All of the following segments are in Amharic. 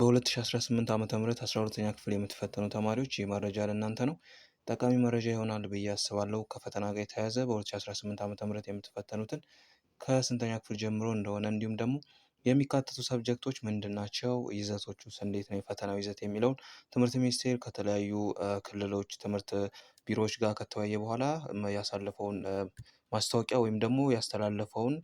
በ2018 ዓ ም 12ኛ ክፍል የምትፈተኑ ተማሪዎች ይህ መረጃ ለእናንተ ነው፣ ጠቃሚ መረጃ ይሆናል ብዬ አስባለሁ። ከፈተና ጋር የተያያዘ በ2018 ዓ ም የምትፈተኑትን ከስንተኛ ክፍል ጀምሮ እንደሆነ እንዲሁም ደግሞ የሚካተቱ ሰብጀክቶች ምንድን ናቸው፣ ይዘቶቹ እንዴት ነው፣ የፈተናው ይዘት የሚለውን ትምህርት ሚኒስቴር ከተለያዩ ክልሎች ትምህርት ቢሮዎች ጋር ከተወያየ በኋላ ያሳለፈውን ማስታወቂያ ወይም ደግሞ ያስተላለፈውን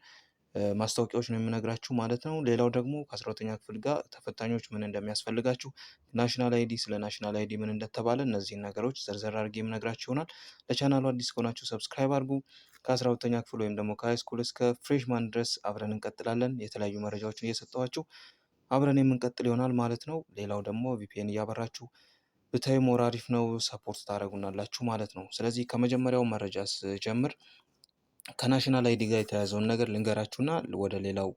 ማስታወቂያዎች ነው የምነግራችሁ ማለት ነው። ሌላው ደግሞ ከአስራተኛ ክፍል ጋር ተፈታኞች ምን እንደሚያስፈልጋችሁ፣ ናሽናል አይዲ፣ ስለ ናሽናል አይዲ ምን እንደተባለ እነዚህን ነገሮች ዘርዘር አድርጌ የምነግራችሁ ይሆናል። ለቻናሉ አዲስ ከሆናችሁ ሰብስክራይብ አድርጉ። ከአስራ ክፍል ወይም ደግሞ ከሃይስኩል እስከ ፍሬሽማን ድረስ አብረን እንቀጥላለን። የተለያዩ መረጃዎችን እየሰጠኋችሁ አብረን የምንቀጥል ይሆናል ማለት ነው። ሌላው ደግሞ ቪፒኤን እያበራችሁ ብታይ ሞር አሪፍ ነው፣ ሰፖርት ታደረጉናላችሁ ማለት ነው። ስለዚህ ከመጀመሪያው መረጃ ስጀምር ከናሽናል አይዲ ጋር የተያያዘውን ነገር ልንገራችሁና ወደ ሌላው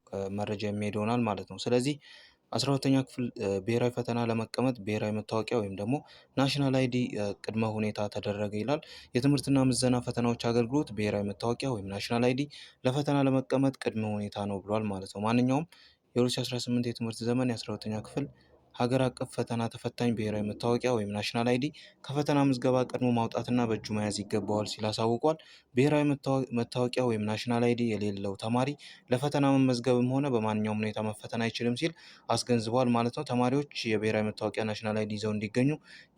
መረጃ የሚሄድ ይሆናል ማለት ነው። ስለዚህ አስራ ሁለተኛ ክፍል ብሔራዊ ፈተና ለመቀመጥ ብሔራዊ መታወቂያ ወይም ደግሞ ናሽናል አይዲ ቅድመ ሁኔታ ተደረገ ይላል። የትምህርትና ምዘና ፈተናዎች አገልግሎት ብሔራዊ መታወቂያ ወይም ናሽናል አይዲ ለፈተና ለመቀመጥ ቅድመ ሁኔታ ነው ብሏል ማለት ነው። ማንኛውም የ2018 የትምህርት ዘመን የ 12 ክፍል ሀገር አቀፍ ፈተና ተፈታኝ ብሔራዊ መታወቂያ ወይም ናሽናል አይዲ ከፈተና ምዝገባ ቀድሞ ማውጣትና በእጁ መያዝ ይገባዋል ሲል አሳውቋል። ብሔራዊ መታወቂያ ወይም ናሽናል አይዲ የሌለው ተማሪ ለፈተና መመዝገብም ሆነ በማንኛውም ሁኔታ መፈተን አይችልም ሲል አስገንዝቧል ማለት ነው። ተማሪዎች የብሔራዊ መታወቂያ ናሽናል አይዲ ይዘው እንዲገኙ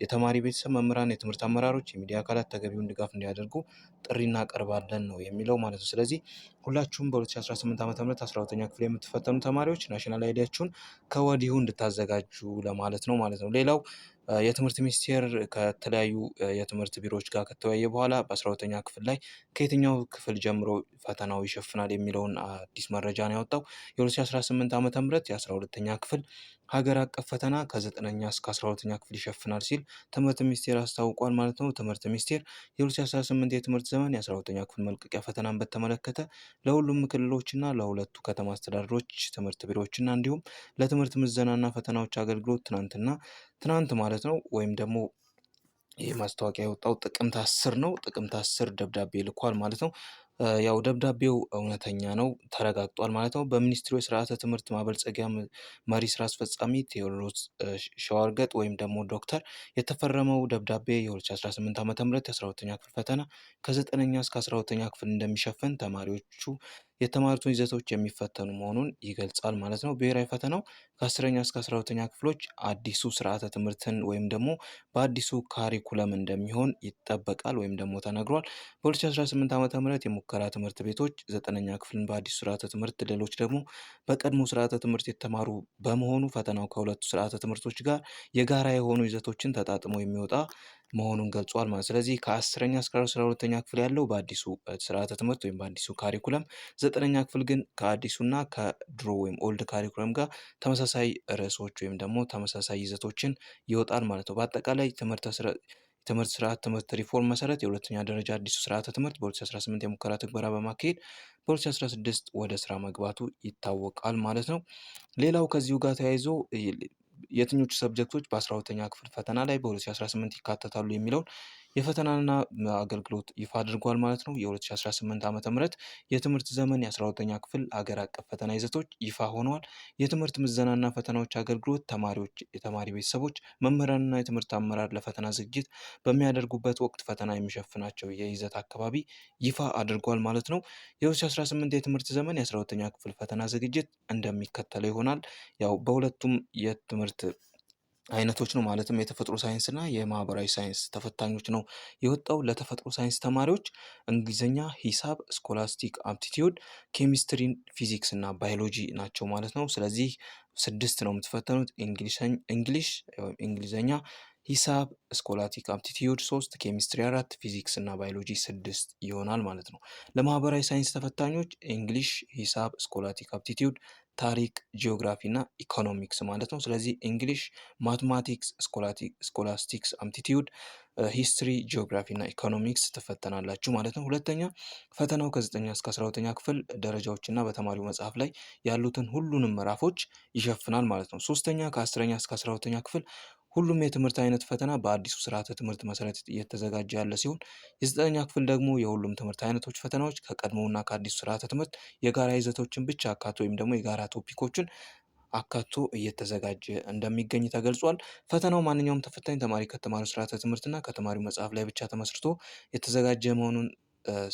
የተማሪ ቤተሰብ፣ መምህራን፣ የትምህርት አመራሮች፣ የሚዲያ አካላት ተገቢውን ድጋፍ እንዲያደርጉ ጥሪ እናቀርባለን ነው የሚለው ማለት ነው። ስለዚህ ሁላችሁም በ2018 ዓ ም 12ኛ ክፍል የምትፈተኑ ተማሪዎች ናሽናል አይዲያችሁን ከወዲሁ እንድታዘጋጁ ለማለት ነው ማለት ነው። ሌላው የትምህርት ሚኒስቴር ከተለያዩ የትምህርት ቢሮዎች ጋር ከተወያየ በኋላ በአስራ ሁለተኛ ክፍል ላይ ከየትኛው ክፍል ጀምሮ ፈተናው ይሸፍናል የሚለውን አዲስ መረጃ ነው ያወጣው። የ2018 ዓ ም የ ክፍል ሀገር አቀፍ ፈተና ከዘጠነኛ እስከ አስራ ሁለተኛ ክፍል ይሸፍናል ሲል ትምህርት ሚኒስቴር አስታውቋል ማለት ነው። ትምህርት ሚኒስቴር የ2018 የትምህርት ዘመን የ ሁለተኛ ክፍል መልቀቂያ ፈተናን በተመለከተ ለሁሉም ክልሎችና ለሁለቱ ከተማ አስተዳደሮች ትምህርት ቢሮዎችና እንዲሁም ለትምህርት ምዘናና ፈተናዎች አገልግሎት ትናንትና ትናንት ማለት ነው ወይም ደግሞ ይህ ማስታወቂያ የወጣው ጥቅምት አስር ነው። ጥቅምት አስር ደብዳቤ ልኳል ማለት ነው። ያው ደብዳቤው እውነተኛ ነው ተረጋግጧል ማለት ነው። በሚኒስትሩ የስርዓተ ትምህርት ማበልጸጊያ መሪ ስራ አስፈጻሚ ቴዎድሮስ ሸዋርገጥ ወይም ደግሞ ዶክተር የተፈረመው ደብዳቤ የ2018 ዓ ም የ12ኛ ክፍል ፈተና ከ9ኛ እስከ 12ኛ ክፍል እንደሚሸፍን ተማሪዎቹ የተማሪቱን ይዘቶች የሚፈተኑ መሆኑን ይገልጻል ማለት ነው። ብሔራዊ ፈተናው ከአስረኛ እስከ አስራ ሁለተኛ ክፍሎች አዲሱ ስርዓተ ትምህርትን ወይም ደግሞ በአዲሱ ካሪኩለም እንደሚሆን ይጠበቃል ወይም ደግሞ ተነግሯል። በ2018 ዓ ም የሙከራ ትምህርት ቤቶች ዘጠነኛ ክፍልን በአዲሱ ስርዓተ ትምህርት፣ ሌሎች ደግሞ በቀድሞ ስርዓተ ትምህርት የተማሩ በመሆኑ ፈተናው ከሁለቱ ስርዓተ ትምህርቶች ጋር የጋራ የሆኑ ይዘቶችን ተጣጥሞ የሚወጣ መሆኑን ገልጿል ማለት ስለዚህ ከአስረኛ እስከ አስራ ሁለተኛ ክፍል ያለው በአዲሱ ስርዓተ ትምህርት ወይም በአዲሱ ካሪኩለም፣ ዘጠነኛ ክፍል ግን ከአዲሱና ከድሮ ወይም ኦልድ ካሪኩለም ጋር ተመሳሳይ ርዕሶች ወይም ደግሞ ተመሳሳይ ይዘቶችን ይወጣል ማለት ነው። በአጠቃላይ ትምህርት ትምህርት ስርዓት ትምህርት ሪፎርም መሰረት የሁለተኛ ደረጃ አዲሱ ስርዓተ ትምህርት በ2018 የሙከራ ትግበራ በማካሄድ በ2016 ወደ ስራ መግባቱ ይታወቃል ማለት ነው። ሌላው ከዚሁ ጋር ተያይዞ የትኞቹ ሰብጀክቶች በ12ተኛ ክፍል ፈተና ላይ በ2018 ይካተታሉ የሚለውን የፈተናና አገልግሎት ይፋ አድርጓል ማለት ነው። የ2018 ዓ ም የትምህርት ዘመን የ12ኛ ክፍል አገር አቀፍ ፈተና ይዘቶች ይፋ ሆነዋል። የትምህርት ምዘናና ፈተናዎች አገልግሎት ተማሪዎች፣ የተማሪ ቤተሰቦች፣ መምህራንና የትምህርት አመራር ለፈተና ዝግጅት በሚያደርጉበት ወቅት ፈተና የሚሸፍናቸው የይዘት አካባቢ ይፋ አድርጓል ማለት ነው። የ2018 የትምህርት ዘመን የ12ኛ ክፍል ፈተና ዝግጅት እንደሚከተለው ይሆናል። ያው በሁለቱም የትምህርት አይነቶች ነው ማለትም የተፈጥሮ ሳይንስ እና የማህበራዊ ሳይንስ ተፈታኞች ነው የወጣው። ለተፈጥሮ ሳይንስ ተማሪዎች እንግሊዝኛ፣ ሂሳብ፣ ስኮላስቲክ አፕቲቲዩድ፣ ኬሚስትሪን፣ ፊዚክስ እና ባዮሎጂ ናቸው ማለት ነው። ስለዚህ ስድስት ነው የምትፈተኑት እንግሊሽ ወይም እንግሊዝኛ፣ ሂሳብ፣ ስኮላስቲክ አፕቲቲዩድ ሶስት፣ ኬሚስትሪ አራት፣ ፊዚክስ እና ባዮሎጂ ስድስት ይሆናል ማለት ነው። ለማህበራዊ ሳይንስ ተፈታኞች እንግሊሽ፣ ሂሳብ፣ ስኮላስቲክ አፕቲቲዩድ ታሪክ፣ ጂኦግራፊ እና ኢኮኖሚክስ ማለት ነው። ስለዚህ እንግሊሽ፣ ማትማቲክስ፣ ስኮላስቲክስ አምቲቲዩድ፣ ሂስትሪ፣ ጂኦግራፊ እና ኢኮኖሚክስ ትፈተናላችሁ ማለት ነው። ሁለተኛ ፈተናው ከ9ኛ እስከ 12ኛ ክፍል ደረጃዎችና በተማሪው መጽሐፍ ላይ ያሉትን ሁሉንም ምዕራፎች ይሸፍናል ማለት ነው። ሶስተኛ ከ 1 ኛ እስከ 12ኛ ክፍል ሁሉም የትምህርት አይነት ፈተና በአዲሱ ስርዓተ ትምህርት መሰረት እየተዘጋጀ ያለ ሲሆን የዘጠነኛ ክፍል ደግሞ የሁሉም ትምህርት አይነቶች ፈተናዎች ከቀድሞውና ከአዲሱ ስርዓተ ትምህርት የጋራ ይዘቶችን ብቻ አካቶ ወይም ደግሞ የጋራ ቶፒኮችን አካቶ እየተዘጋጀ እንደሚገኝ ተገልጿል። ፈተናው ማንኛውም ተፈታኝ ተማሪ ከተማሪው ስርዓተ ትምህርትና ከተማሪው መጽሐፍ ላይ ብቻ ተመስርቶ የተዘጋጀ መሆኑን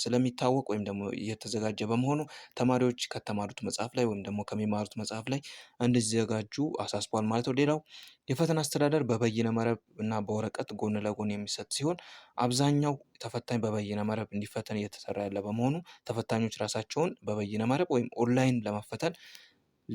ስለሚታወቅ ወይም ደግሞ እየተዘጋጀ በመሆኑ ተማሪዎች ከተማሩት መጽሐፍ ላይ ወይም ደግሞ ከሚማሩት መጽሐፍ ላይ እንዲዘጋጁ አሳስቧል ማለት ነው። ሌላው የፈተና አስተዳደር በበይነ መረብ እና በወረቀት ጎን ለጎን የሚሰጥ ሲሆን አብዛኛው ተፈታኝ በበይነ መረብ እንዲፈተን እየተሰራ ያለ በመሆኑ ተፈታኞች ራሳቸውን በበይነ መረብ ወይም ኦንላይን ለመፈተን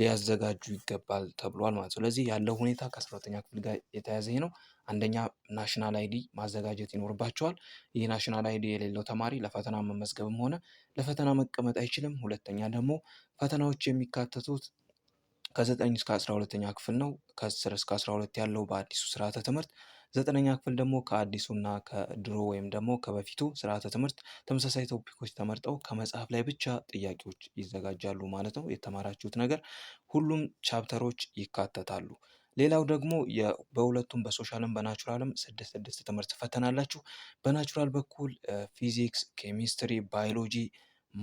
ሊያዘጋጁ ይገባል ተብሏል ማለት ነው። ስለዚህ ያለው ሁኔታ ከአስራ ሁለተኛ ክፍል ጋር የተያዘ ነው። አንደኛ ናሽናል አይዲ ማዘጋጀት ይኖርባቸዋል። ይህ ናሽናል አይዲ የሌለው ተማሪ ለፈተና መመዝገብም ሆነ ለፈተና መቀመጥ አይችልም። ሁለተኛ ደግሞ ፈተናዎች የሚካተቱት ከዘጠኝ እስከ አስራ ሁለተኛ ክፍል ነው። ከአስር እስከ አስራ ሁለት ያለው በአዲሱ ስርዓተ ትምህርት ዘጠነኛ ክፍል ደግሞ ከአዲሱና ከድሮ ወይም ደግሞ ከበፊቱ ስርዓተ ትምህርት ተመሳሳይ ቶፒኮች ተመርጠው ከመጽሐፍ ላይ ብቻ ጥያቄዎች ይዘጋጃሉ ማለት ነው። የተማራችሁት ነገር ሁሉም ቻፕተሮች ይካተታሉ። ሌላው ደግሞ በሁለቱም በሶሻልም በናቹራልም ስድስት ስድስት ትምህርት ትፈተናላችሁ። በናቹራል በኩል ፊዚክስ፣ ኬሚስትሪ፣ ባዮሎጂ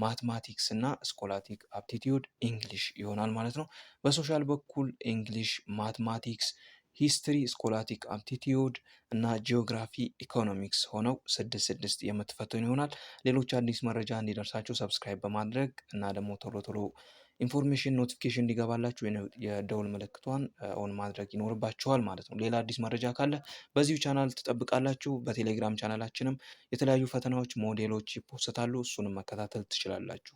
ማትማቲክስ እና ስኮላቲክ አፕቲቲዩድ ኢንግሊሽ ይሆናል ማለት ነው። በሶሻል በኩል ኢንግሊሽ፣ ማትማቲክስ፣ ሂስትሪ፣ ስኮላቲክ አፕቲቲዩድ እና ጂኦግራፊ ኢኮኖሚክስ ሆነው ስድስት ስድስት የምትፈተኑ ይሆናል። ሌሎች አዲስ መረጃ እንዲደርሳችሁ ሰብስክራይብ በማድረግ እና ደግሞ ቶሎ ቶሎ ኢንፎርሜሽን ኖቲፊኬሽን እንዲገባላችሁ የደውል ምልክቷን ኦን ማድረግ ይኖርባችኋል ማለት ነው። ሌላ አዲስ መረጃ ካለ በዚሁ ቻናል ትጠብቃላችሁ። በቴሌግራም ቻናላችንም የተለያዩ ፈተናዎች፣ ሞዴሎች ይፖስታሉ። እሱንም መከታተል ትችላላችሁ።